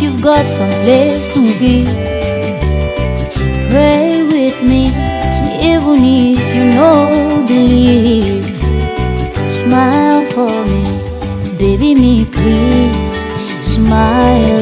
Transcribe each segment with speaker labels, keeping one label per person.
Speaker 1: you've got some place to be. Pray with me, even if you know believe. Smile for me, baby me, please smile.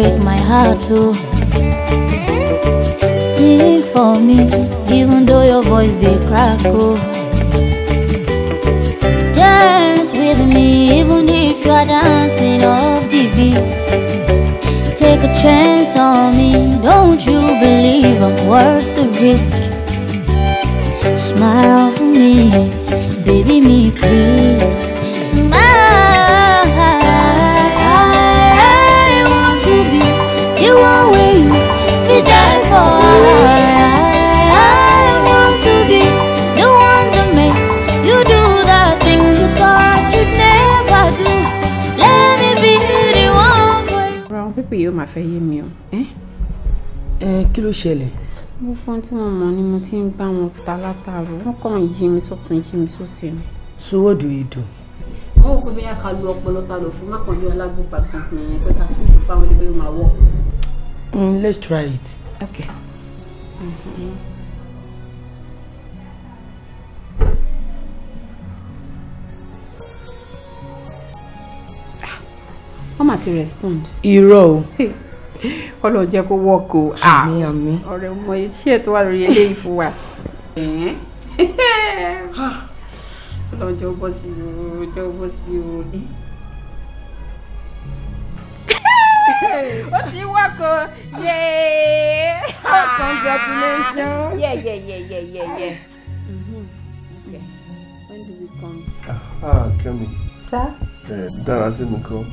Speaker 1: break my heart too. Oh. Sing for me, even though your voice they crackle. Oh. Dance with me, even if you are dancing off the beat. Take a chance on me, don't you believe I'm worth the risk? Smile for me, baby me please.
Speaker 2: fẹ́ yé mi o. kí ló ṣẹlẹ̀. gbogbo ohun tí mo mọ̀ ni mo ti ń bá wọn ta látàrọ wọn kàn yí mi sọ́tún yí mi sósì
Speaker 3: ni. so what do you do.
Speaker 2: wọn bí yàrá lu ọpọlọ ta lò fún mákànlélọ́ alágbèpá kankan yẹn pé ká fún fáwọn ilé máa wọ̀.
Speaker 3: Mm, let's try it. okay. Mm-hmm.
Speaker 2: Ah, wọ́n mà ti respond. irọ́ o. Ọlọ́run jẹ́ kó wọ́ọ̀kù o àmì ah, àmì ọ̀rẹ́ ọmọ etí ẹ̀ tó wà lórí eléyìí fún wa Ọlọ́run jẹ́ ó bọ́ sí o jẹ́ ó sí o. ó ti wọ́ọ̀kù yéé. congratulations. yeah yeah yeah yeah yeah yeah. Mm-hmm. okay. when
Speaker 4: do we come. Ah, ah Kẹ́mi. sir. ẹ eh, dára sí mi kan.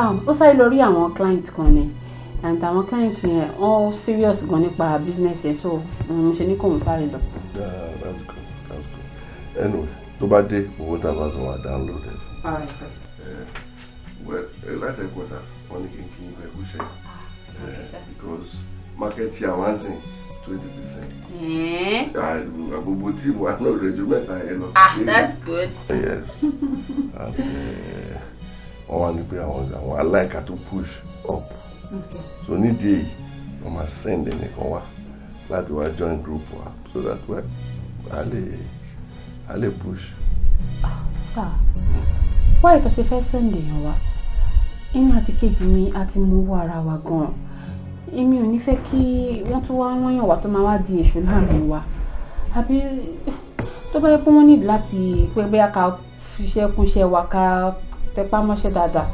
Speaker 2: Um, ó sáré lọ rí àwọn client kan ni and àwọn client yẹn all oh, serious gan nípa business yẹn so um, mo ṣe ní kò ń sáré lọ.
Speaker 4: that's good anyway tó bá dé owó tá a bá sọ wà download ẹ. all right sir. Uh, well light headquarters wọn ní kí n kí n gbẹ kú ṣe. because market share wá sí twenty percent.
Speaker 2: Eh? Ah,
Speaker 4: gbogbo tíìmù wa náà rẹ̀ ju mẹ́ta yẹn lọ. ah that's good. yes and eh, wọ́n wá ní pé àwọn àwọn aláìka tó push up so nídìí èyí wọ́n máa send ẹnìkan wá láti wá join group wa so that well a lè a lè push.
Speaker 2: sir wáyé tó ṣe fẹ́ send èèyàn wá èmi àti kejì mi a ti mú owó ara wa gan-an èmi ò ní fẹ́ kí wọ́n tún wá rányàn wá tó máa wá di èṣù láàrin wa àbí tó bá yẹ pé wọ́n nílò láti pé bóyá ká fiṣẹ́ kúnṣẹ́ wa ká tẹpá mọ́ṣẹ́ dáadáa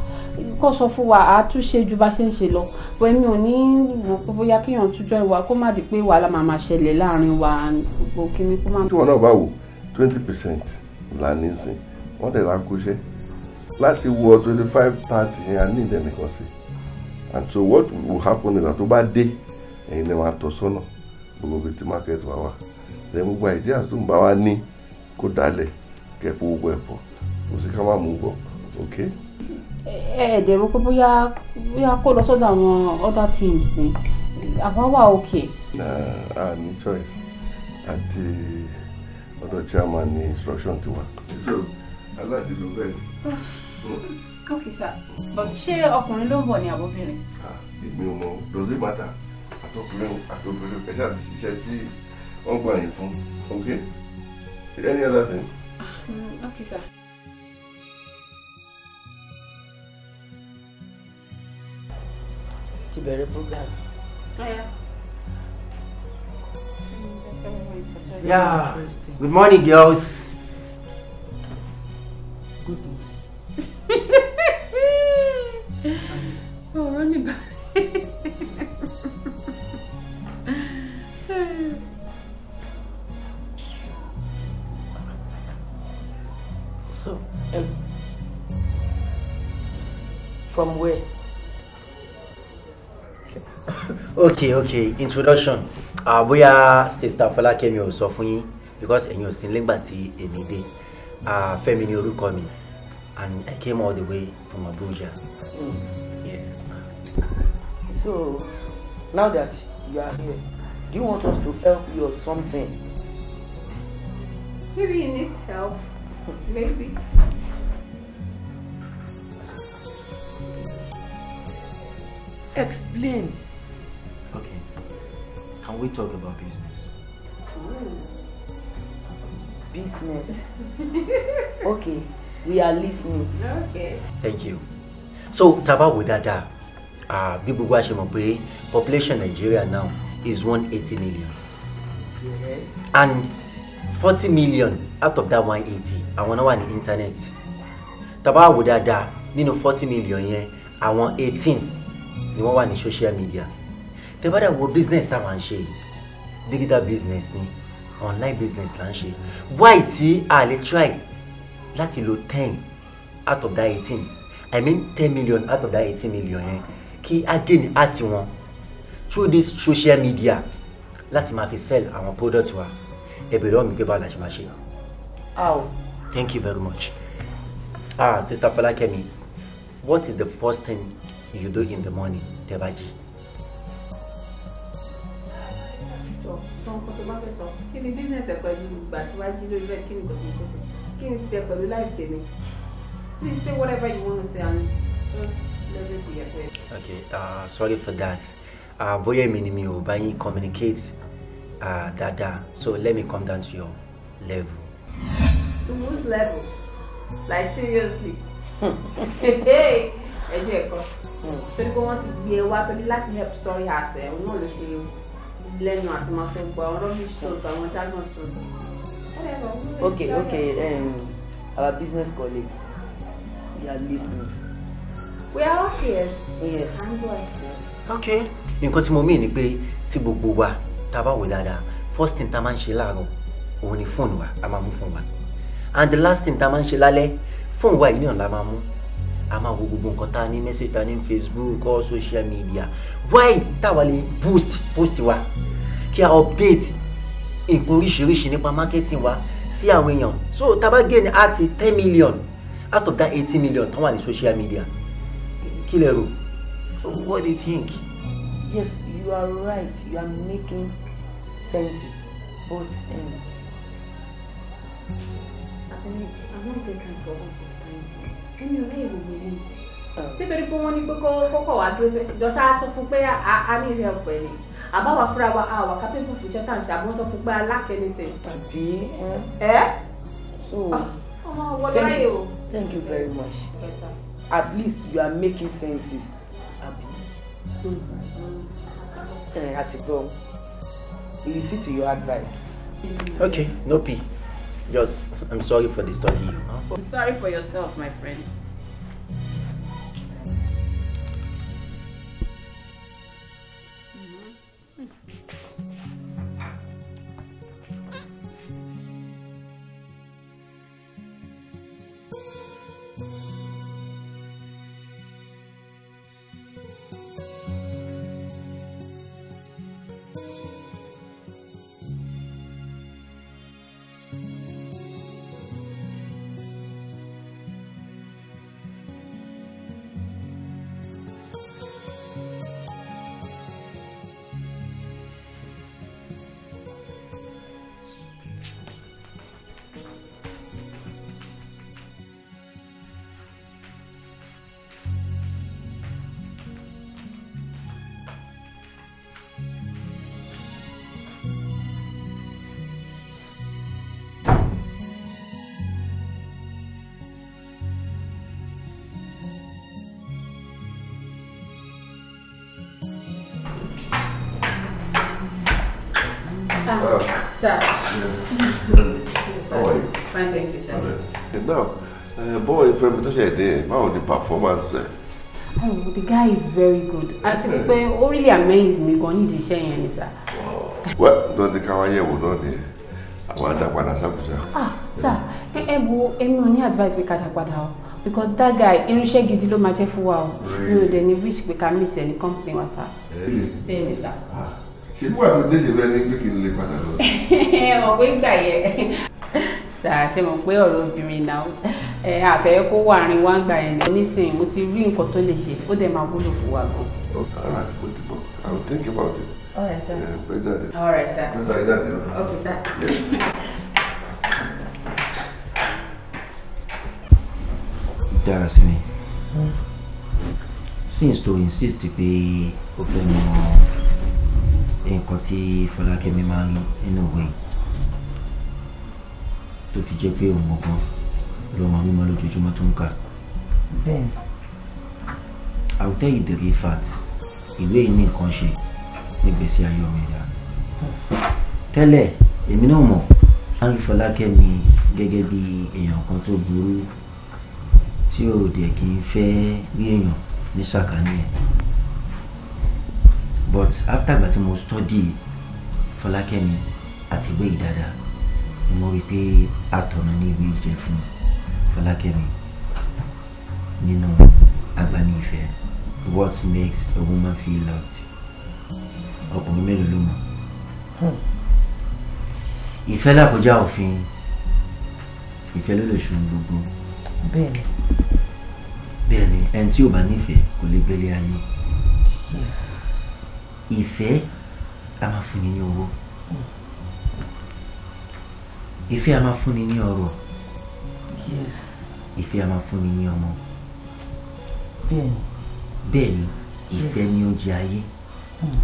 Speaker 2: kó sọ fún wa àtúnṣe ju bá ṣe ń ṣe lọ bọ́ èmi ò ní wò pé bóyá kéèyàn túnjọ ìwà kó má di pé wàhálà máa máa ṣẹlẹ̀ láàrin wa gbogbo kíní kó má. tí wọn náà bá
Speaker 4: wò twenty percent là ní sìn wọn dẹ̀ lákúṣẹ́ láti wọ twenty five thirty yẹn a ní ìdẹ́nìkan sí and so what will happen is that tó bá dé ẹ̀yin lè máa tọ́ sọ́nà gbogbo ibi tí market wa wà lẹ́yìn gbogbo ideas tó ń bá wa ní kó dálẹ̀ kẹ́pọ̀ gbogbo ẹ̀pọ̀ kò sí ká má mú bọ̀ okay
Speaker 2: ẹ̀ẹ́dẹ̀ ro pé bóyá bóyá kó lọ sọ́dọ̀ àwọn other teams ni àwa wà òkè.
Speaker 4: a ní choice àti ọ̀dọ̀ chairman ní instruction tiwa. so aláàdì ló bẹ̀rẹ̀. Ah,
Speaker 2: ok sir but ṣé ọkùnrin ló ń bọ̀ ní àbọ̀bìnrin.
Speaker 4: Ah, èmi ò mọ does it matter àtọkùnrin àtọkùnrin ẹ ṣáà ti ṣiṣẹ́ tí wọ́n gbà yín fún ok any other thing.
Speaker 2: Ah, mm, ok sir.
Speaker 5: ti bẹ̀rẹ̀ program. Yeah. Good morning, girls. Good
Speaker 1: morning. oh, running back.
Speaker 3: so, from where?
Speaker 5: okay okay introduction àbúyá ah, sista Fọlákẹ́mi ò sọ fún yín because ẹ̀yin ò sí nígbà tí èmi dé ah, Fẹ́mi ni orúkọ mi and I came all the way from Abuja.
Speaker 3: Hmm. Yeah. So now that you are here, do you want us to help you or something?
Speaker 2: Maybe he needs help.
Speaker 3: Maybe. Explain.
Speaker 5: Can we talk about business? Ooh.
Speaker 3: Business. okay, we are listening. Okay.
Speaker 5: Thank you. So, taba bá wò dáadáa, ah, bí gbogbo wa population Nigeria now is 180 million. Yes. And 40 million out of that 180, àwọn náà wà the internet. Taba bá wò dáadáa, nínú 40 million yẹn, àwọn 18 ni wọ́n wà ní social media tẹ bá dẹ̀ wo business tá a máa ń ṣe yìí digital business ni online business là ń ṣe why tí a lè try láti lo ten out of that eighteen i mean ten million out of that eighteen million yẹn kí a gain àti wọn through this social media láti máa fi sell àwọn product wa ẹ̀bẹ̀ lọ́wọ́ mi pé báwo la ṣe máa ṣe. aw. thank you very much. ah sister Falakemi what is the first thing you do in the morning tẹ́ bá jí.
Speaker 2: àwọn kan tó bá fẹ́ sọ kí ni bísíǹsì ẹ̀ pẹ̀lú ìgbà tí wàá jí lórí bẹ́ẹ̀ kí ni gbogbo nǹkan ṣe kí ni tiẹ̀ pẹ̀lú láì tèmi please say whatever you wanna say and just let it be your way.
Speaker 5: okay uh, sorry for that uh, bóyá èmi ni mi ò bá yín communicate uh, dáadáa so let me come down to your level.
Speaker 2: to whose level? like seriously? Hmm. ẹjọ́ ẹ̀kọ́ hmm. torí pé wọ́n ti gbé e wá torí láti help sorry herself òun náà ló ṣe é wò lẹ́nu àti
Speaker 3: máa fẹ́ gba àwọn rubbish àwọn jargon stores.
Speaker 1: okay okay um,
Speaker 3: our business colleague you are listening. we are all here.
Speaker 2: yes. okay
Speaker 5: nǹkan tí mo mí ni pé tí gbogbo wa tá a bá wò dáadáa first thing tá a máa ń ṣe láàárọ̀ òun ni fóònù wa a máa mú fóònù wa and the last thing tá a máa ń ṣe lálẹ́ fóònù wa yìí náà la máa mú a máa wo gbogbo nǹkan tá ní message tá ní Facebook or social media why táwa lè boost post wa kí a update nǹkan oríṣiríṣi nípa marketing wa sí àwọn èèyàn so taba gain at ten million out of that eighteen million tán wà ní social media kí lè rò
Speaker 3: what do you think. yes you are right you are making sense but um, I
Speaker 2: want to thank you for all this time. Can you really believe? síbẹ̀ ni pé wọ́n ní pé kọ́kọ́ wà dúró tẹ́ jọ ṣáà sọ fún pé a ní ìrìn ọ̀pẹ̀ ni àbáwá fúnra wa àwà kápẹ́kù fún iṣẹ́ tá à ń ṣe àbọ̀ sọ fún pé alákẹ́ni tẹ̀.
Speaker 3: àbí ẹ. Ah,
Speaker 2: ọmọ wọlé ráyè o.
Speaker 3: thank you very much at least you are making senses àbí. Hmm. ẹ àti gbọ́ see to your advice. Hmm.
Speaker 5: okay no be. just i'm sorry for disturbing
Speaker 2: you. Huh? i'm sorry for yourself my friend.
Speaker 4: How Fine, thank you, sir. Okay. Now, uh, boy, Fẹ́mi tó ṣe How báwo ni performance
Speaker 2: Oh, the guy is very good. Àti pé ó really amazed me gan nídìí iṣẹ́ yẹn ni sir.
Speaker 4: Well, náà ni káwá yẹ̀wò náà ni àwọn adápadà sábùsà.
Speaker 2: Ah, sir, ẹ ẹ I'm going to advise me to ká dá padà o because that guy irinṣẹ́ gidi ló máa jẹ́ fún wa o. Mi ò dẹ̀ ní wish we can miss any company wa sir. Bẹ́ẹ̀ni sir.
Speaker 4: Ah ṣe bí wà tó délé rẹ ní pé kí n lè padà lọ.
Speaker 2: ẹ mọ̀ pé gbà yẹ sà ṣe mọ̀ pé ọ̀rọ̀ obìnrin náà ẹ àfẹ́ kó wà rìn wá gbà yẹn nísìnyí mo ti rí nǹkan tó lè ṣe ó dẹ̀ máa
Speaker 4: wúlò fún wa gan. all right kò dìbò i will think about it. all right sir. Yeah, pray daddy.
Speaker 2: all right sir. pray daddy daddy. okay sir. Yes.
Speaker 5: dára sí mi since to insist pé o fẹ́ mọ nǹkan tí Fọlákẹ́mi máa ń nínú òwe tó fi jẹ́ pé òun gbọ̀ngàn ló máa mímọ́ lójoojúmọ́ tó ń kà. bẹ́ẹ̀. I will tell you the real fact ìwé yìí ní nǹkan ṣe nígbèsí ayé ọmọ ìyá tẹ́lẹ̀ èmi náà mọ̀ láńkì Fọlákẹ́mi gẹ́gẹ́ bí èèyàn kan tó burú tí ò dẹ̀ kí n fẹ́ rí èèyàn ní sàkání but after gba tí mo study fọlákẹ́mi àti ìwé ìdáadáa ni mo rí i pé àtọ̀nà ní ìwé ìjẹ fún fọlákẹ́mi nínú agbani ìfẹ́ what makes a woman feel loved ọkùnrin mélòó ló mọ̀ hmm. ìfẹ́ làkọjá òfin ìfẹ́ ló lè ṣun gbogbo bẹ́ẹ̀ni bẹ́ẹ̀ni ẹni tí ò bá nífẹ̀ẹ́ kò lè gbélé ayé. Yes ìfẹ́ a máa fúnni ní owó ìfẹ́ a máa fúnni ní ọrọ̀ yes ìfẹ́ a máa fúnni ní ọmọ bẹ́ẹ̀ni bẹ́ẹ̀ni ìfẹ́ ni ó jẹ ayé hmm.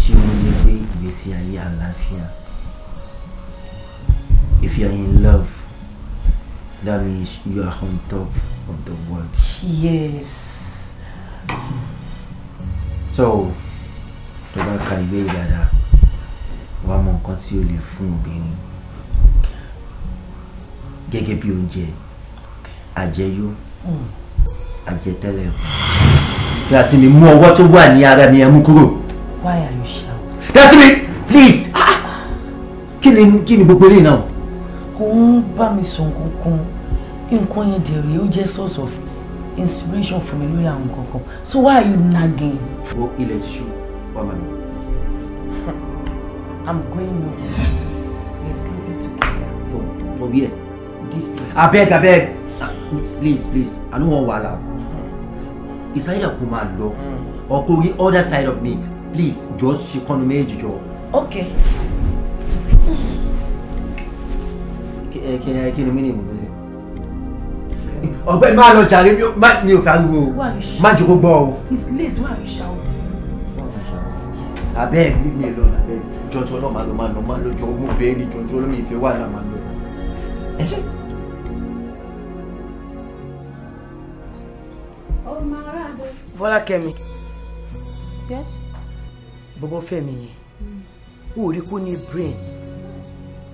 Speaker 5: tí ó lè gbé ìgbésí ayé àlàáfíà if you are in love that means you are on top of the world yes so tó bá ka ìwé yìí dáadáa wàá mọ nǹkan tí o lè fún obìnrin gẹ́gẹ́ bí oúnjẹ àjẹyó hmm. àjẹtẹ́lẹ̀ bí a sì mi mú ọwọ́ tó wà ní ara mi ẹ mú kúrò.
Speaker 3: why are you shouting. that's me please ah, ah.
Speaker 5: kí ni kí ni gbogbo eléyìí náà.
Speaker 3: kò ń bá mi sọ nǹkan kan nǹkan yẹn dẹ̀ rèé ó jẹ́ source of inspiration fún mi lórí àwọn nǹkan kan so why are you nagging. o ilẹ̀ ti ṣubú. Woman.
Speaker 1: I'm going now. We're sleeping together. For, for where? This place. I
Speaker 5: beg, I beg. Please, please. I don't want wahala. It's either kó máa lọ or go the other side of me. Please, just she kọ́nu méjì jọ. Okay. Kí ni kí ni mí ni mo lè? Ọ̀gbẹ́ni máa lọ jàre mi ò fẹ́ ariwo o. Má jòkó gbọ́ o.
Speaker 3: It's late, why are you shouting?
Speaker 5: abeg leave me alone abeg jọjọ náà máa lọ máa lọ máa lọ jọ mo bẹ ẹ ní jọjọ lómi ìfẹ́ wà náà máa lọ.
Speaker 3: Fọlákẹ́mi bọ́bọ́ Fẹ́mi yẹn ó rí kó ní brain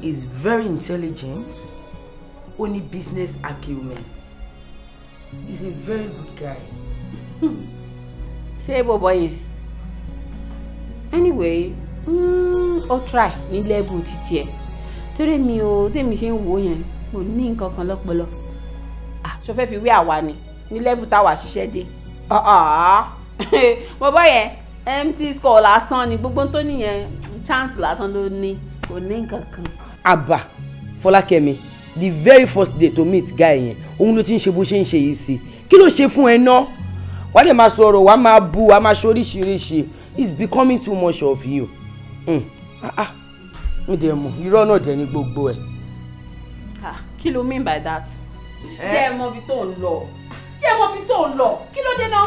Speaker 3: is very intelligent ó ní business acumen he is a very good guy.
Speaker 2: ṣé bọ́bọ́ yẹn anyway mm, ó try ní lẹ́bù títí ẹ̀ torí mi ò tèmi ṣe ń wò yẹn mo ní nǹkan kan lọ́pọlọ ṣo fẹ́ fi wé àwa ni ní lẹ́bù táwa ṣiṣẹ́ dé mo bọ́ yẹn empty score lásán ni gbogbo tó nìyẹn chance lásán ló ní kò ní nǹkan kan.
Speaker 3: àbá fọlákẹ́mi the very first day to meet guy yẹn òun ló ti ń ṣe bó ṣe ń ṣe yìí sí kí ló ṣe fún ẹ náà wàá lè máa sọ̀rọ̀ wàá máa bu wàá máa ṣoríṣiríṣi it's becoming too much of you hmm. ah, ah. mi dẹ̀ mọ̀ irọ́ náà dẹ̀ ni gbogbo ẹ̀.
Speaker 2: Ah, kí ló mean by that? jẹ́ eh? ẹ mọ ibi tó ń lọ jẹ́ ẹ mọ ibi tó ń lọ kí ló dé náà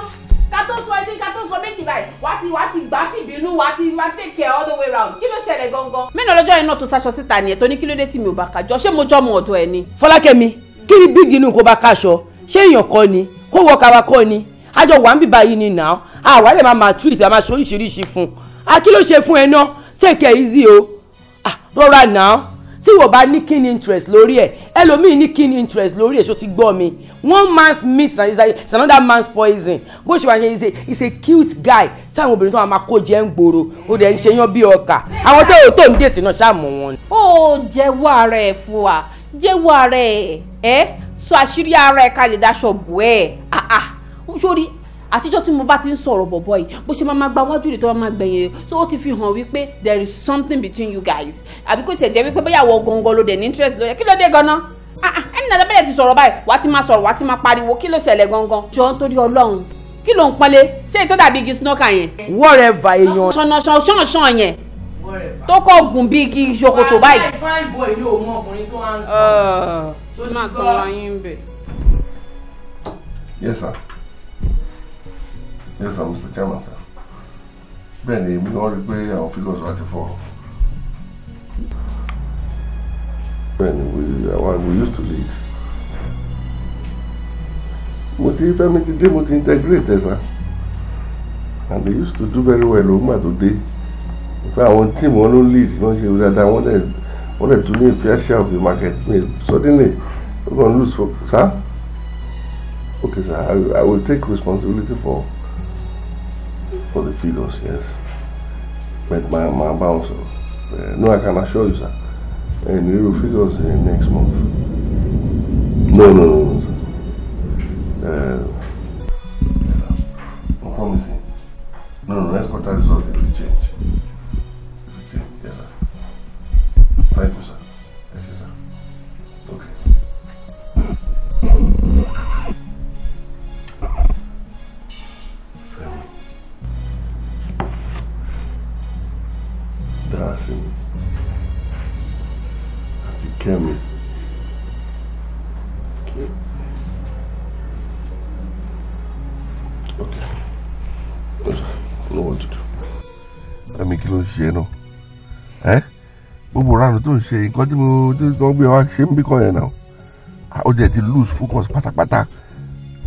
Speaker 2: ká tó sọ ilé ká tó sọ méjì báyìí wá ti wá ti gbà sí ìbínú wá ti wá take care all the way round kí ló ṣẹlẹ̀ gangan. mélòó lọ́jọ́ yẹn náà tó ṣaṣọ síta nìyẹn tó ní kí ló dé tí mi ò bá kájọ ṣé mo jọ́ mu ọ̀dọ̀ ẹ̀ ni.
Speaker 3: fọlákẹ́mi kí ni bíìgì inú kó bá káṣọ ṣé èèyàn kọ́ ni kó wọ kàwá kọ́ ni àjọ wà ń bíbá yìí ni nà á àwa lè máa máa treat àmà ṣe oríṣiríṣi fún un a kí ló ṣe fún ẹ náà take care easy o rọra nà á tí wọ́n bá ní keen interest lórí ẹ̀ ẹlòmíì ní keen interest lórí ẹ̀ ṣó ti gbọ́ mi one man's meat is, a, is another man's poison bó ṣe wà yẹn is a is a cute guy táwọn obìnrin tó máa máa kó jẹ́ ń gbòòrò ó dẹ̀ ń ṣe yán bí ọkà àwọn tó tó ń dètè náà ṣáà mọ̀ wọn.
Speaker 2: ó jẹ́wọ́ ara ẹ̀ fún wa jẹ́wọ́ ara ẹ̀ ẹ́ sọ àṣírí ara ẹ̀ ká lè bù ẹ́ ah ah sórí àtijọ́ tí mo bá ti ń sọ̀rọ̀ bọ̀bọ̀ yìí bó ṣe máa ma gba wájú rẹ̀ tó máa ma gbẹ̀yìn rẹ̀ so ó ti fi hàn wípé there is something between you guys àbí kò tiẹ̀ jẹ́ wípé bóyá àwọ̀ gangan ló dẹ̀ ní interest lórí ẹ̀ kí ló dé gan-an ah, ah, ẹni náà bẹ̀rẹ̀ ti sọ̀rọ̀ báyìí wàá ti máa sọ̀rọ̀ wàá ti máa pariwo kí ló ṣẹlẹ̀ gangan jọ nítorí ọlọ́run kí ló ń pọ́nlé ṣé èyí tó dàbí igi snooker yẹn. wọ́ọ̀rẹ́và èèyàn. ṣọ̀nà ṣọ̀nṣọ̀n yẹn tó kọ́ gùn bí boy
Speaker 3: yóò mọ ọkùnrin tó wá
Speaker 2: ń yes
Speaker 4: sir. Yes, sir, Mr. Chairman, sir. Bẹ́ẹ̀ ni, èmi náà rí pé àwọn figures wa ti fọ́. Bẹ́ẹ̀ ni, we, our, we used to lead. Mo ti Fẹ́mi ti dé, mo ti integrate ẹ̀ sá. And they used to do very well ògbà tó dé. Ìfẹ́ àwọn tíìmù wọn ló lead, wọ́n ṣe dáadáa, wọ́n dẹ̀ wọ́n dẹ̀ tún ní ìfẹ́ share of the market. Suddenly, ó kàn lose focus, sá. Huh? because I, I will take responsibility for for the failures, yes. But my, my bounce, uh, no, I can assure you, sir. And eh, we will figure eh, next month. No, no, no. ṣe nǹkan tí mo tí wọ́n gbé wá ṣe ń bí kan yẹn náà ó jẹ́ ti lose focus pátápátá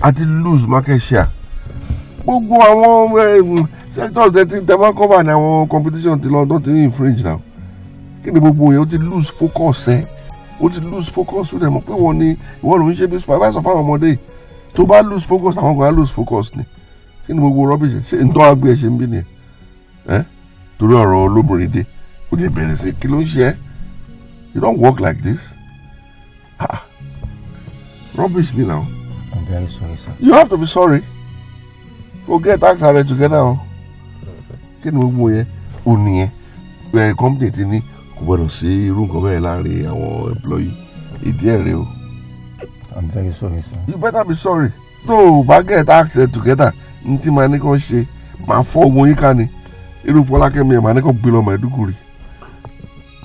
Speaker 4: a ti lose market share gbogbo àwọn sectors tẹ ti tẹmọ cover ní àwọn competition ti lọ don ti infringe now kí ni gbogbo yẹn ó ti lose focus ẹ ó ti lose focus ó dẹ̀ mọ̀ pé wọ́n ní ìwọ ló ṣe bí supervisor fáwọn ọmọdé tó bá lose focus àwọn kan á lose focus ni kí ni gbogbo rubbish ṣe ń tọ́ agbé ṣe ń bí nìyẹn ẹ torí ọ̀rọ̀ olóbìnrin dé ó dẹ̀ bẹ̀rẹ̀ sí kí ló ń ṣe ẹ́ You don't work like this. Ah. ah. Rubbish, you now. I'm very sorry, sir. You have to be sorry. Go get tax and together. Oh. Kí ni gbogbo yẹn? O nìyẹn. Ẹ kọ́mpìnì ti ní kò gbọdọ̀ sí irú nǹkan bẹ́ẹ̀ láàrin àwọn ẹ̀mplọ́yì. Ìdí ẹ̀ rèé o. I'm very sorry, sir. You better be sorry. Tó o bá get tax and together, n tí màá ní kàn ṣe, màá fọ́ ogun yín ká ni. Irú Fọlákẹ́mi ẹ̀ màá ní kàn gbé lọ Maiduguri.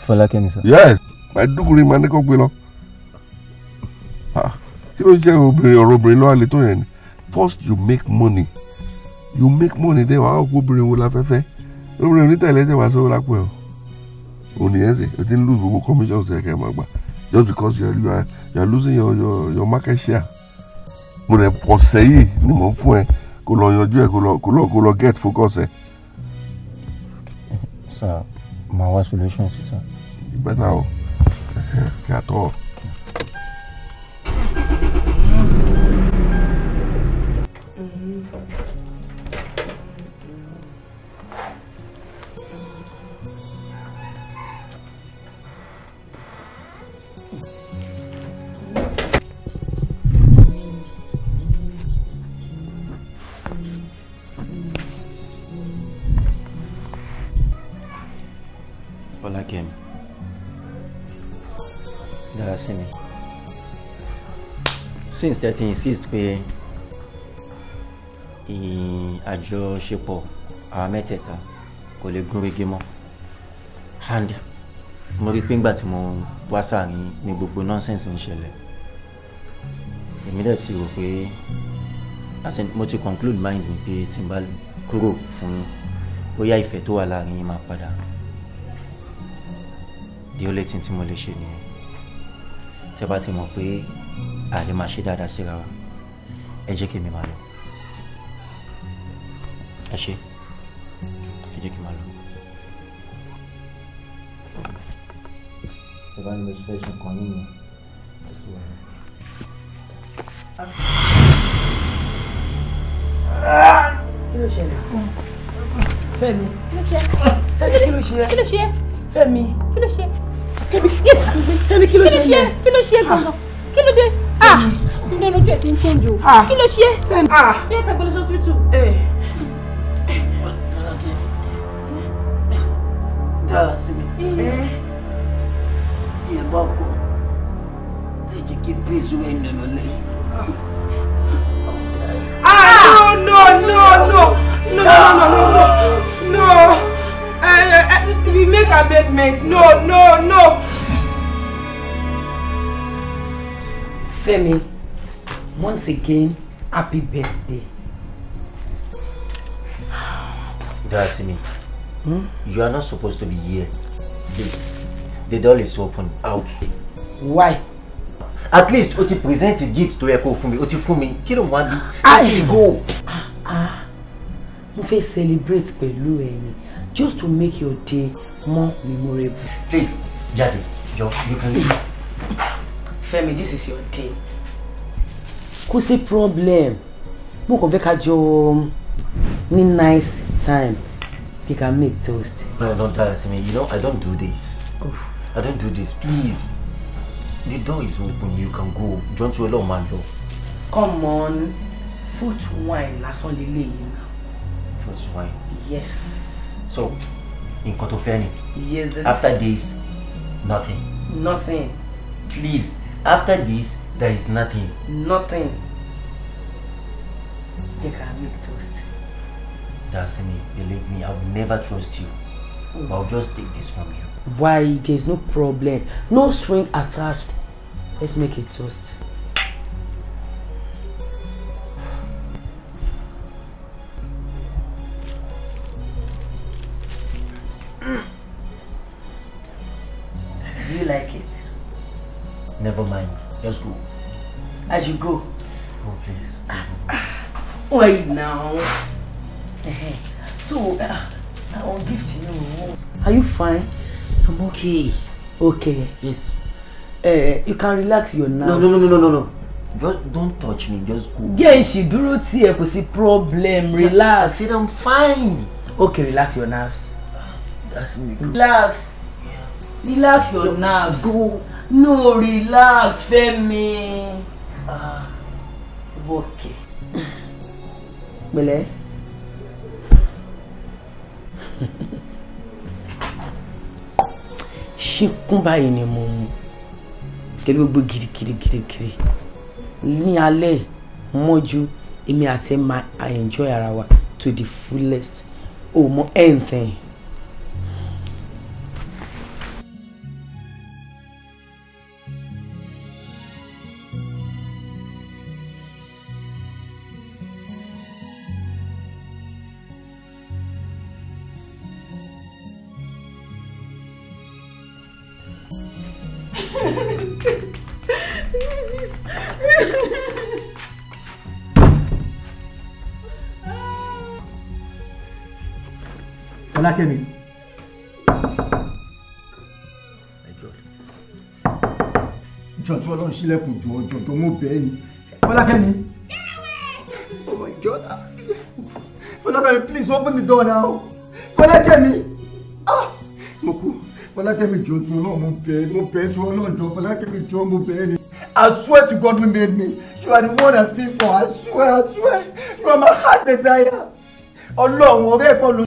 Speaker 5: Fọlákẹ́mi, sir. Yes.
Speaker 4: Maiduguri máa ní kó gbé lọ ah, kí ló ń ṣe obìnrin ọ̀rọ̀ obìnrin lọ́wọ́ àlè tó yẹn ni first you make money you make money dẹ́ wàá kó obìnrin wo la fẹ́ fẹ́ obìnrin onítẹ̀lẹ́ tẹ̀ wá sówó lápò ẹ̀ o nìyẹn sè o ti ń lose gbogbo commission ṣe kẹ́ ẹ̀ máa gbà just because you are, you are, you are losing your, your, your market share mo rẹ̀ pọ̀ sẹ́yìn ni mò ń fún ẹ kó lọ yanjú ẹ kó lọ kó lọ get focus ẹ.
Speaker 5: sir màá wá solution sí
Speaker 4: sir. ìgbẹ́ náà o. rescató
Speaker 5: since that insist pé àjọṣepọ̀ àwa mẹ́tẹ̀ẹ̀ta kò lè gún régé mọ́ and mo rí pé ńgbà tí mo wá sáàrin ni gbogbo nonsense ń ṣẹlẹ̀ èmi dẹ̀ sì rò pé mo ti conclude mind mi pé tí n bá kúrò fún yín bóyá ìfẹ́ tó wà láàrin yín máa padà the only thing tí mo lè ṣe nìyẹn tẹ́ bá ti mọ̀ pé àlè máa ṣe dáadáa síra wa ẹ jẹ́ kí mi máa lọ ẹ ṣe ẹ jẹ́ kí n máa lọ. ìbá ni mo fẹ́ ṣe nǹkan yín ni ẹ sì wà
Speaker 3: kí ló ṣẹlẹ̀ fẹ́mi fẹ́mi kí ló ṣe kí ló ṣe kí ló ṣe kí ló ṣe kí
Speaker 2: ló ṣe gangan kí ló dé ah ǹdọ́nà ah! ojú ẹ̀ ti ń change Ah. kí ló ṣe é ah! Ah! bí ẹ̀ tàgbọ́n lọ sí hospital. Eh. dára sí mi eh.
Speaker 5: Eh. tí ẹ bá gbọ́ tí ẹ jẹ́ kí bíìsù ẹ̀ nínú
Speaker 3: lé. ah
Speaker 1: no no no no no no no no
Speaker 3: no uh, uh, we make amendment no no no. Femi, once again, happy birthday.
Speaker 5: Dasimi, hmm? you are not supposed to be here. This, the door is open. Out. Why? At least Oti ti present gift tó yẹ kó Oti mi, o ti fún mi.
Speaker 3: Kí ló Dasimi ah! go. Ah ah. Mo celebrate pẹ̀lú ẹ just to make your day more memorable. Please, Daddy, you can leave. Femi, this is your day. Kò the problem. Mo kàn fẹ́ ká jọ um, ní nice time. You can make toast.
Speaker 5: No, don't tell me. You know, I don't do this. Oof. I don't do this. Please. The door is open. You can go. Don't you allow man door.
Speaker 3: Come on. Foot wine lásán lélẹ̀ yìí náà. Foot wine? Yes. So,
Speaker 5: in tó Yes. After this, nothing. Nothing. Please. After this, there is nothing.
Speaker 3: Nothing. They can make toast.
Speaker 5: That's me. Believe me, I will never trust you. Mm. I'll just take this from you.
Speaker 3: Why? There's no problem. No swing attached. Let's make a toast. fine. I'm okay. Okay. Yes. Uh, you can relax your nerves. No, no, no, no, no, no. Just don't touch me. Just go. Jẹ́ ìṣèdúró tí ẹ kò sí problem. Relax. I said I'm fine. Okay, relax your nerves. That's me. Go. Relax. Yeah. Relax your no, nerves. Go. No, relax, Femi. Ah. Uh, okay. Pẹ̀lẹ́. ṣe kún báyìí ni mo mu kí gbogbo girigirigirigiri ní alẹ́ mọ́jú èmi àti ẹ̀ máa enjoy ara wa to the fullest o mo ẹ̀ ń
Speaker 5: sílẹ̀kùn jọ̀ọ́ jọ̀ọ́ mo bẹ̀ ẹ́ ni Fọlákẹ́mi. Oh my God. please open the door now. Fọlákẹ́mi. Ah! Mo kú. Fọlákẹ́mi jọ̀ọ́ tún náà mo bẹ̀ ẹ́ mo bẹ̀ ẹ́ tún náà jọ̀ọ́ Fọlákẹ́mi jọ̀ọ́ mo bẹ̀ ni. I swear to God who made me. You are the one I feel for. I swear, I swear. You are my heart desire.
Speaker 3: Ọlọ́run ọ̀rẹ́ ẹ̀kọ́ ló.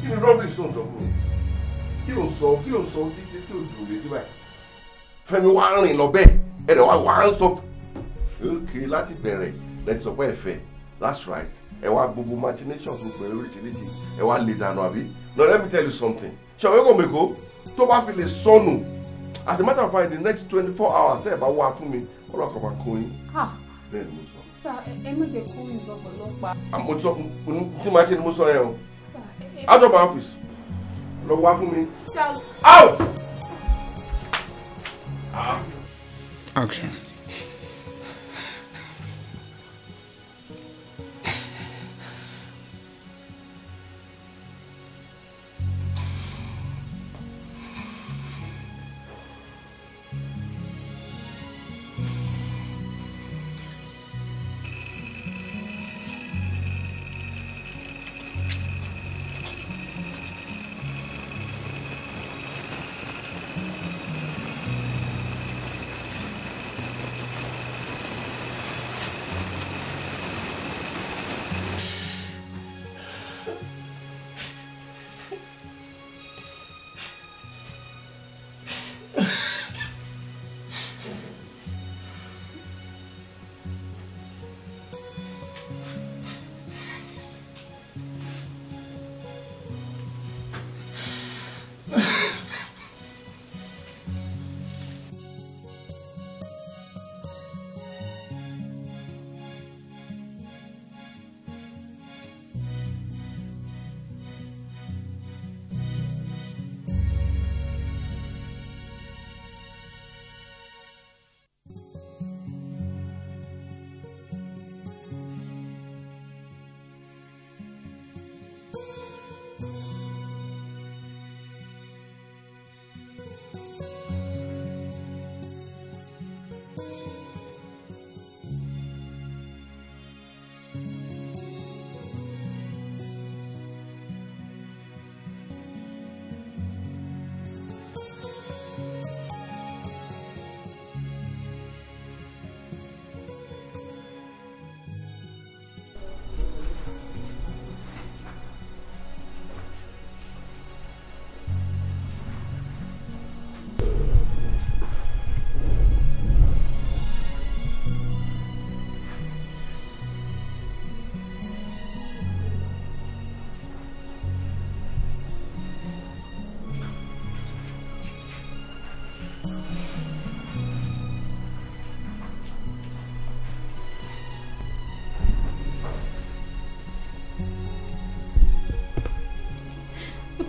Speaker 4: Kí ni rọ́bìṣì náà dọ́gbọ̀n? Kí ló sọ kí ló sọ títí tí ò dùn létí báyìí? Fẹ́mi wá rìn lọ bẹ́ẹ̀ ẹ wá wá ń sọ okay láti bẹ̀rẹ̀ lẹ́tí sọ pé ẹ fẹ́ that's right ẹ wá gbogbo imagination gbogbo ẹ oríṣiríṣi ẹ wá lè dànù àbí now let me tell you something ṣọwé kò mèkó tó bá fi lè sọnù as a matter of fact in the next twenty four hours ẹ bá wá fún mi ọlọ́kọ̀ máa kó yín ah. bẹ́ẹ̀ ni mo sọ.
Speaker 2: sà ẹ má jẹ kó yín lọ́pọ̀lọpọ̀.
Speaker 4: àmọ́ ah, tí tí màá ṣe ni mo sọ yẹn o out of my office lọ wá fún mi. sà out.
Speaker 1: Action.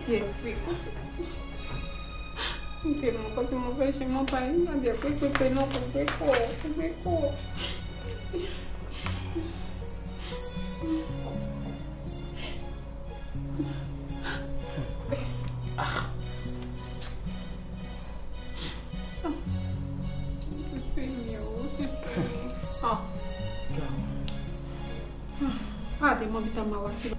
Speaker 2: tiẹ̀ fi kú n tẹ mọ nǹkan tí mo fẹ́ ṣe mọ́ báyìí nígbà tí ẹ pé pépé náà kò gbé pọ̀ gbé pọ̀. Ah, tem uma vitamina lá, sei lá.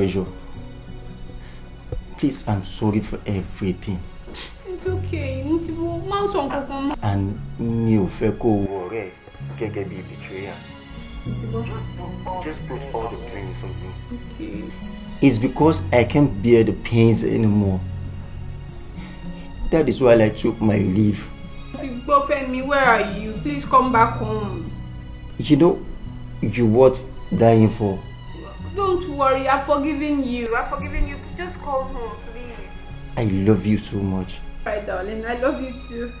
Speaker 5: treasure. Please, I'm sorry for everything.
Speaker 2: It's okay. Mo ti wo máa kan mọ́.
Speaker 5: And mi ò fẹ́ kó wo ọ̀rẹ́ gẹ́gẹ́ bí betrayal. Just put all the blame on me. Okay. It's because I can't bear the pains anymore. That is why I took my leave.
Speaker 2: Tifemi, where are you? Please come back home.
Speaker 5: You know, you what dying for
Speaker 2: worry, I've forgiven you. I've forgiven you. Just call home, please.
Speaker 5: I love you so much.
Speaker 3: Right, darling. I love you too.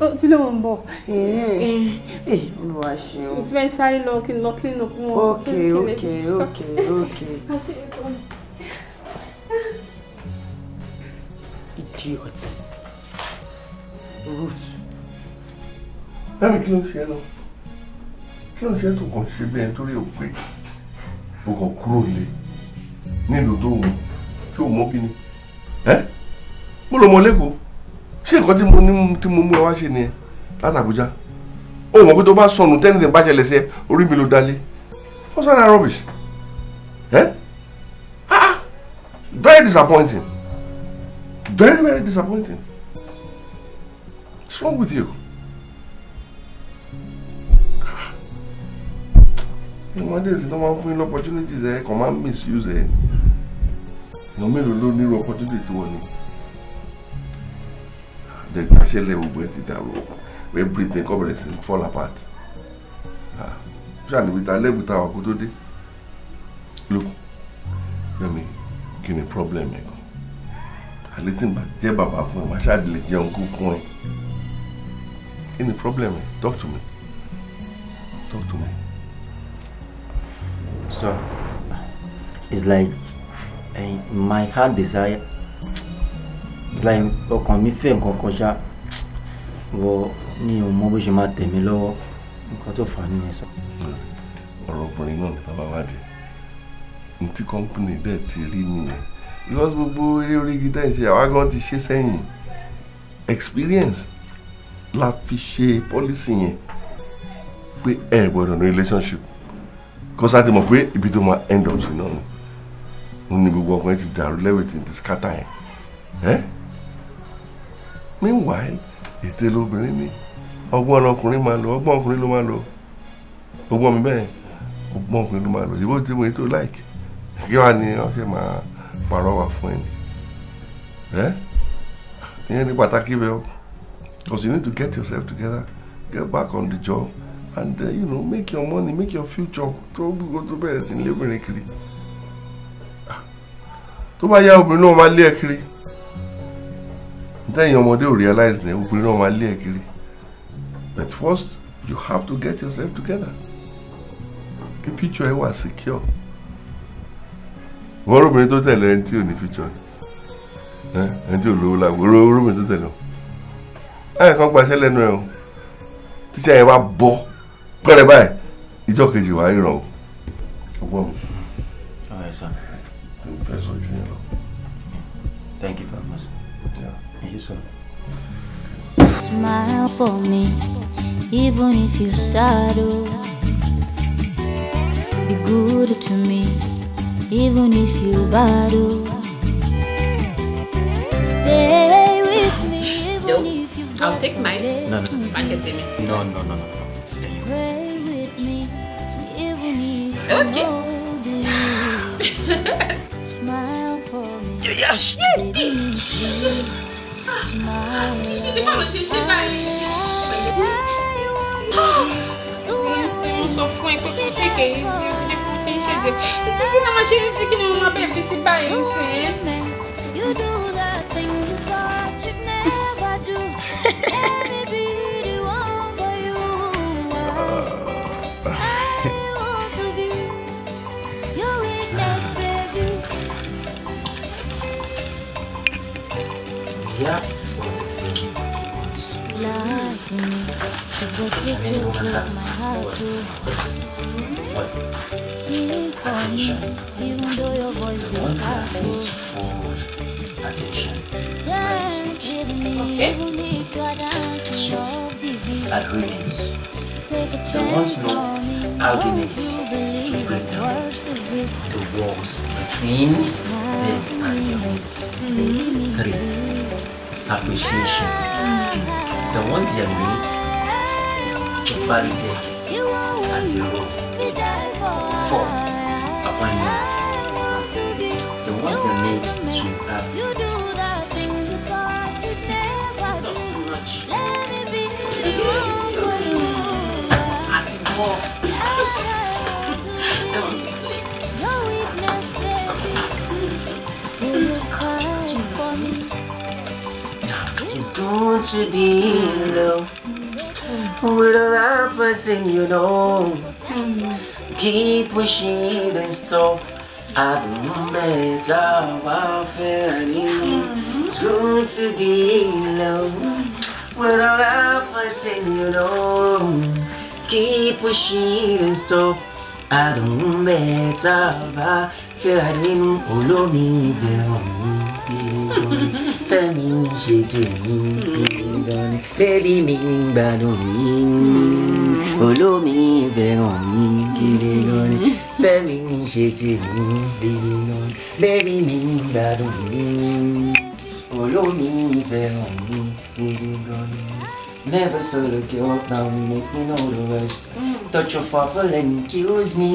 Speaker 2: ó ti ló ń bọ̀. olùwà Wash. mo fẹ́ sáré lọ kí n lọ clean up more. Okay, okay,
Speaker 3: okay, okay.
Speaker 4: Idiots. Roots dábì kí ló ń ṣe ẹ lọ kí ló ń ṣe ẹ tó kàn ṣe bí ẹni torí òpè o kàn kúrò lé nílùú tó wù tó wù mọ́ bí ni ẹ mo lọ mọ lẹ́kọ̀ọ́ ṣé nǹkan tí mo ní tí mo mú ẹ wá ṣe nìyẹn látàbújá o mọ̀ pé tó bá sọnù tẹ́nìtẹ̀ bá ṣẹlẹ̀ sí ẹ orí mi ló dalé wọ́n sọ̀rọ̀ rubbish ẹ ah, ah very disappointing very very disappointing what's wrong with you. nowadays ló máa ń fún yín opportunities ẹ kàn máa ń misuse ẹ eh? èèyàn mélòó ló nírú opportunity tí wọ́n ní dẹ̀gbà ṣẹlẹ̀ gbogbo ẹ ti dàrú everything kọ́ bẹ̀rẹ̀ sí fall apart ah, ṣáà níbi ta lẹ́bù ta wà kó tó dé look Yomi kí ni problem ẹ gan àlẹ́ tí n bá jẹ́ bàbá fún ẹ màá ṣáà lè jẹun kú fún ẹ kí ni problem ẹ talk to me talk to me. So
Speaker 5: It's like uh, my heart desire. Like ọkàn mi fẹ́ nǹkan kan ṣá. Wọ ní o mọ bó ṣe máa
Speaker 4: tẹ̀ mí lọ́wọ́. Nǹkan tó fà á nìyẹn sọ. Ọ̀rọ̀ obìnrin náà ni bàbá wá dé. Ní tí ti rí nìyẹn. Because gbogbo eré orí igi tẹ̀ ń gan ti ṣe sẹ́yìn. Experience la fi ṣe policy yẹn pé ẹ gbọ́dọ̀ ní relationship kọ́sá ti mọ̀ pé ibi tó máa end up sí náà ni ní gbogbo ọkùnrin ti dàrú lẹ́wìtì ti scatter yẹn ẹ́ meanwhile ètè lóbìnrin ni ọgbọ́n ọkùnrin máa lò ọgbọ́n ọkùnrin ló máa lò ọgbọ́n mi bẹ́ẹ̀ ọgbọ́n ọkùnrin ló máa lò ìbò tí mo yẹ tó like kí wàá ní wọ́n ṣe máa pàrọwà fún ẹni ẹ́ ìyẹn ní pàtàkì bẹ́ẹ̀ o because you need to get yourself together get back on the job and uh, you know make your money make your future tó gbogbo tó bẹ̀rẹ̀ sí ní obìnrin kiri tó bá yá obìnrin náà máa lé ẹ kiri ntẹ́yìn ọmọdé ò realize ní obìnrin náà máa lé ẹ kiri but first you have to get yourself together kí future ẹ wà secure wọ́n obìnrin tó tẹ̀lé ẹni tí ò ní future ẹni tí ò lówó láàbò obìnrin tó tẹ̀lé ọ ẹ̀ kan gbàṣẹ́ lẹ́nu ẹ̀ o tíṣà yẹn bá bọ́ pẹ́rẹ́ báyìí ìjọ kejì wàá ríran o ọgbọ́n mi.
Speaker 5: ọ̀rẹ́ sọ. mo fẹ́ sọ ju yẹn lọ. thank you very much. èyí sọ.
Speaker 1: smile for me even if you sad o oh. be good to me even if you bad o oh. stay
Speaker 2: with me even no. if you bad. I'll take mine. No, no. No,
Speaker 5: no, no, no.
Speaker 1: O quê? Xixi de pano, xixi vai.
Speaker 2: Esse sofreu com o que é isso? Eu te digo que tinha de. Que que não imagina isso que não é uma perfície para isso,
Speaker 1: you do my heart too. Sing for me, even though your voice is hard to. Dance okay. even if you're dancing off the beat. Agreements.
Speaker 5: Take a arguments to break down
Speaker 1: the
Speaker 5: walls between them
Speaker 1: and your mates. Three,
Speaker 5: appreciation. The want they meat to validate at the room for
Speaker 1: appointments. The want they meat to have not too much. At more. do want to be in love
Speaker 5: with a that person you know. Keep pushing and stop. I don't matter how I feel anymore. It's good to be in love with a that person you know. Keep pushing and stop. I don't matter how I feel anymore. Olómi bẹ̀rù mi bí wọ́n. tẹ̀mí ṣe tèmi bẹ́ẹ̀bí mi ń gbádùn mi olómi fẹ́ràn mi kiri lọ́rin fẹ́mi ń ṣe tèmi kiri lọ́rin bẹ́ẹ̀bí mi ń mi olómi mi kiri lọ́rin. Never saw the girl now make me know the rest. Touch your father and kills me.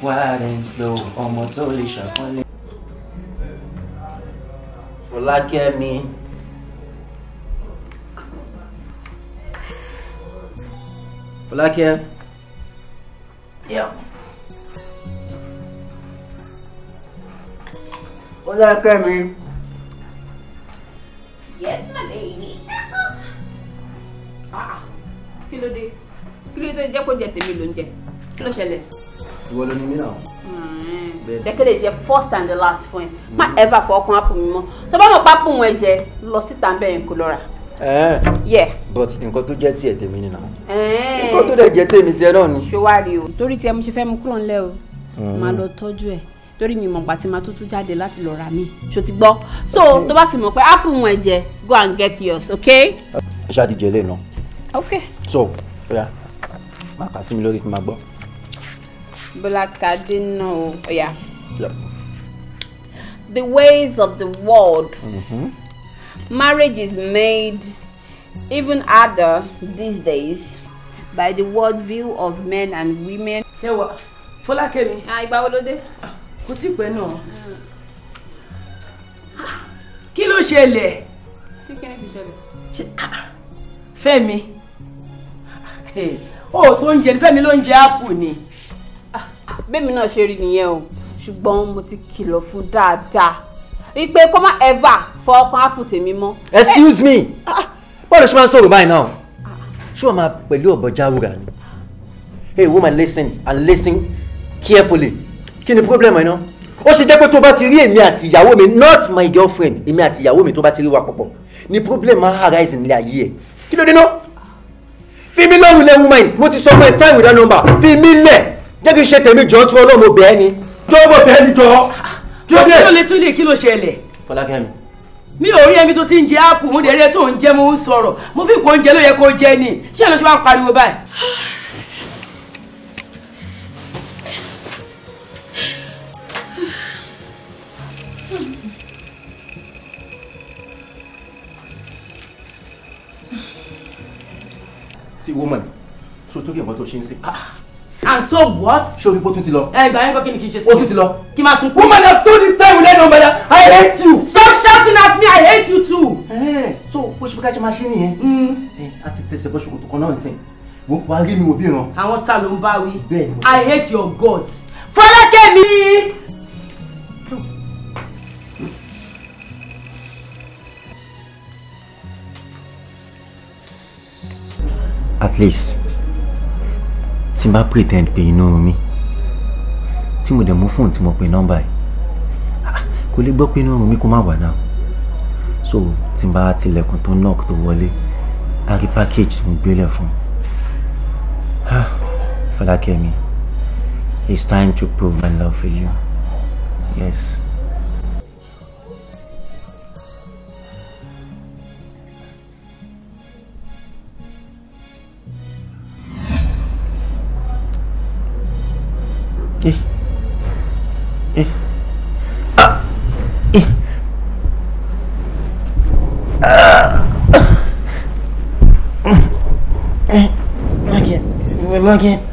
Speaker 5: Quiet and slow, ọmọ tó lè ṣàpọ́nlé. Fọlákẹ́mi. Fọlákẹ́. Yeah. Fọlákẹ́mi.
Speaker 2: Yes, my baby. Ah, ah, kí ló dé? Kí ló dé jẹ́ kó jẹ tèmi ló ń jẹ? Kí ló ṣẹlẹ̀? Ìwọ ló ní mí jẹ́kẹ́ lè jẹ́ first and the last fún ẹ má ever fọ ọkùnrin àpò mi mọ́ tó bá mọ̀ pápó wọn jẹ lọ síta ń bẹ̀rẹ̀ kó lọ rà.
Speaker 5: Eh. yeah. but nǹkan tó jẹ́ tiẹ̀ tèmi nìyà
Speaker 2: eh. nǹkan tó dẹ̀ jẹ́ tèmi tiẹ̀ náà ni. ṣòwárí o torí tiẹ̀ mo ṣe fẹ́ mu kúrò ńlẹ̀ o máa hmm. lọ tọ́jú ẹ̀ torí mi mọ̀ gbà tí ma tuntun jáde láti lọ ra mi ṣó ti gbọ́ so tó bá ti mọ̀ pé apple wọn jẹ go and get yours okay.
Speaker 5: ṣáà ti jẹ lẹ́nu. ok. so ó yá máa kà sí mi lórí kí n máa gbọ́.
Speaker 2: Black Cardinal. Yeah. Yep. The ways of the world. Mm-hmm. Marriage is made even harder these days by the world view of men and women. ṣé wà fọlákẹ́mi. Ah, ìgbà wo ló dé. Ah,
Speaker 3: kò tí ì pẹ́ náà. kí ló ṣẹlẹ̀. tí kíni fi ṣẹlẹ̀. Ah, fẹ́mi ó tó ń jẹ fẹ́mi ló ń jẹ ápù ni
Speaker 2: bẹ́ẹ̀mi náà ṣe rí nìyẹn o ṣùgbọ́n mo ti kìlọ̀ fún dáadáa ìpè kó má ever fọkàn ápù tèmi mọ́.
Speaker 5: excuse me eh. ah, bọ́ọ̀lù ṣe máa ń sọ̀rọ̀ báyìí náà ṣé wọ́n máa pẹ̀lú ọ̀bọ̀ jáwúra ni hey woman listen and listen carefully kí ni problem ẹ̀ náà ó ṣe jẹ́ pé tó bá ti rí èmi àti ìyàwó mi not my girlfriend èmi àti ìyàwó mi tó bá ti rí wa pọ̀pọ̀ ni problem máa arise nílé ayé ẹ̀ kí ló dé náà fi mí lọ́rùn lẹ́hùn mind mo ti sọ fún ẹ time without number fi mí lẹ̀ jẹ́ kí n ṣe tèmi jọ tún ọlọ́run bẹ́ẹ̀ ni
Speaker 3: jọ mo bẹ́ẹ̀ ni jọ. kí ló lè tún lè kí ló ṣẹlẹ̀. fọlákẹ́mi. mi ò rí ẹbí tó ti ń jẹ áàpù mo dẹ̀rẹ́ tó ń jẹ mo ń sọ̀rọ̀ mo fi kò ń jẹ ló yẹ kó jẹ ni ṣé ẹ lọ ṣe máa ń pariwo báyìí. see woman so tó kí nǹkan tó ṣe ń sè and so what. sori pé o tún ti lọ. ẹ ìgbà yẹn kọ́ kí ni kì í ṣe sí. o tún ti lọ. kí máa sunkún. woman have told you time that number that i hate you. stop shouting at me i hate you too. Eh, so bó ṣe bí ká ṣe máa ṣe nìyẹn. Mm.
Speaker 5: Eh, a ti tẹsẹ̀ bọ́ ṣòkòtò kan náà nísìn wọ́n wá rí mi wò bí ràn.
Speaker 3: àwọn ta ló ń bá wí. bẹ́ẹ̀ mo sọ. i hate your guts. fọlákẹ́ mi.
Speaker 5: at least tí n bá pretend pé inú mi tí mo dẹ̀ mú fóònù tí mo pe nọ́mbà yìí ah, kò lè gbọ́ pé inú mi kó má wà náà so tí n bá tilẹ̀kùn tó knock tó wọlé a rí package tí mo gbélé fún ah, Fọlákẹ́mi it's time to prove my love for you yes.
Speaker 1: again.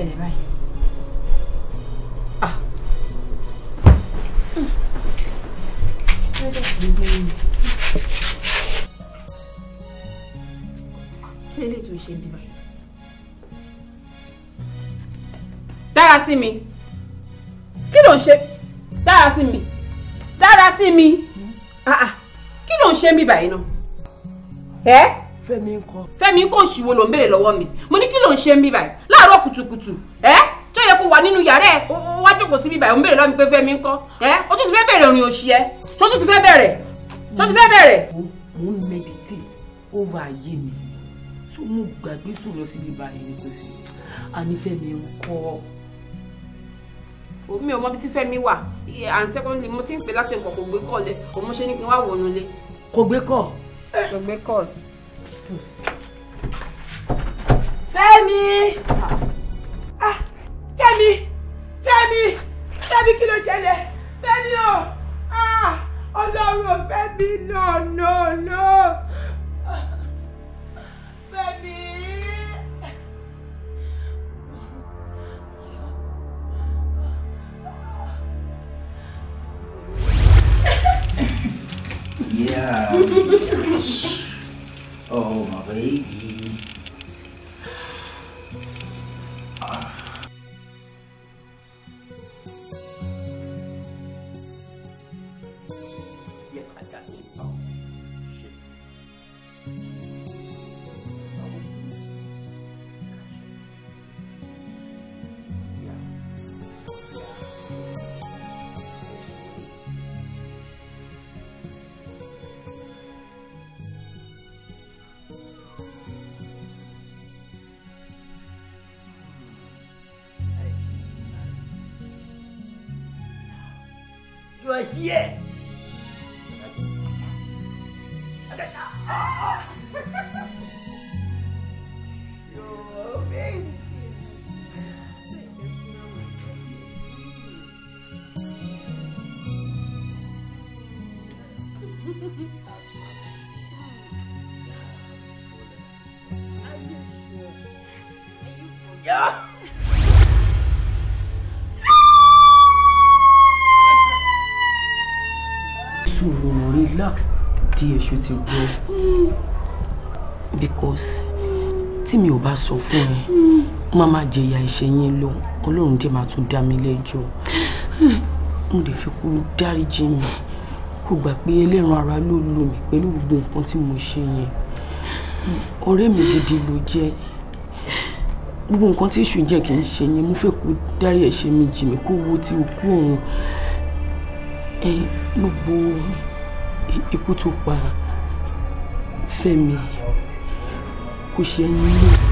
Speaker 2: ṣẹlẹ̀ ah. báyìí? Ah. Dára sí mi. Kí ló ń ṣe? Dára sí mi. Dára sí mi. Ah, ah. Kí ló ń ṣe mí báyìí náà? Fẹ́mi ń kọ́. Fẹ́mi ń kọ́ òṣìwò ló ń béèrè lọ́wọ́ mi. Mo ní kí ló ń ṣe mí báyìí? kùtùkùtù ẹ tó yẹ kó wà nínú yàrá ẹ wá jókòó síbi báyìí ó ń béèrè lọ́mi pé fẹ́mi ń kọ́ ẹ ó tún ti fẹ́ bẹ̀rẹ̀ òrìn òṣì ẹ tó tún ti fẹ́ bẹ̀rẹ̀ tó ti fẹ́
Speaker 3: bẹ̀rẹ̀. mo ń meditate over ayé mi tó mú gbàgbé sùn lọ síbi báyìí ni kò sí ànífẹ́mi ń kọ́
Speaker 2: mi ò mọ bí tí Fẹ́mi wà and secondly mo ti ń pè láti ọkọ̀ kò gbé kọ́ lẹ kò mo ṣe ní kí n wá wọnú lé. kò gbé kọ́. kò gbé kọ́.
Speaker 3: Fẹ́mi. be no no ìdí ti gbó because tí mi ò bá sọ fún ẹ má má jẹyà ìṣẹyìn lọ Ọlọ́run dé máa tún dá mi lẹ́jọ́ mo lè fi kú dáríjì mi kò gbà pé ẹlẹ́ran ara ló lù mí pẹ̀lú gbogbo nǹkan tí mo ṣe yẹn ọ̀rẹ́ mi gidi ló jẹ́ gbogbo nǹkan tí èṣù jẹ́ kì í ṣe yẹn mo fẹ́ kó dárí ẹ̀ṣẹ̀ mi jì mí kó wo ti òkú òun ẹ gbogbo ikú tó pa Fẹ́mi kò ṣe ẹyin náà.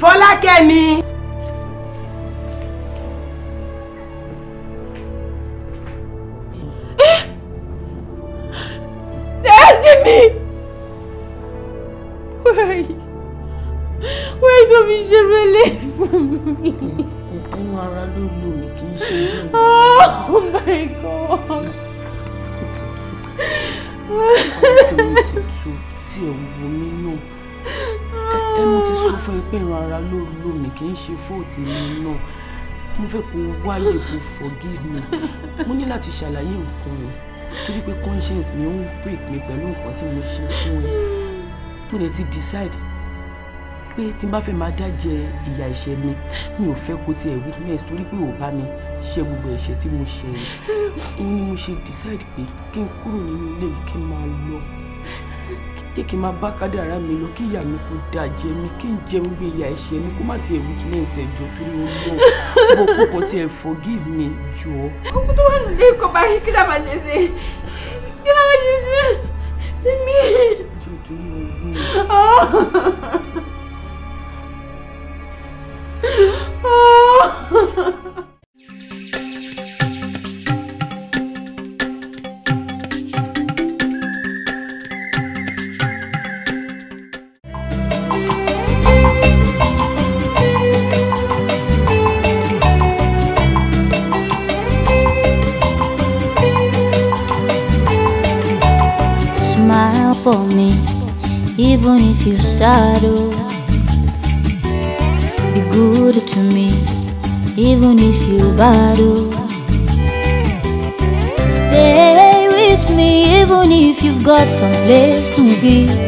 Speaker 3: Fọlákẹ́mi. kì í ṣe fóòtì mi náà mo fẹ́ kó wáyé kó forgive me mo ní láti ṣàlàyé nǹkan mi torí pé conscience mi ń break mi pẹ̀lú nǹkan tí mo ṣe fún ẹ mo lè ti decide pé tí n bá fẹ́ máa dájẹ́ ìyà ẹ̀ṣẹ̀ mi mi ò fẹ́ kó tiẹ̀ witness torí pé ò bá mi ṣe gbogbo ẹ̀ṣẹ̀ tí mo ṣe yìí òun ni mo ṣe decide pé kí n kúrò nínú ilé kí n máa lọ jẹ́ kí n máa bá kádàrá mi lọ kí ìyá mi kò dà jẹ mi kí n jẹun gbé ìyá ẹ̀ṣẹ̀ mi kó má ti èwù tún ẹ̀sẹ̀ jọ torí ó lọ bó kókò tí ẹ forgive me jọ.
Speaker 2: ọkùnrin tó wà nílé kò bá kí lábàá ṣe sí kí lábàá
Speaker 1: ṣe sí mi. jọ torí ó lọ. be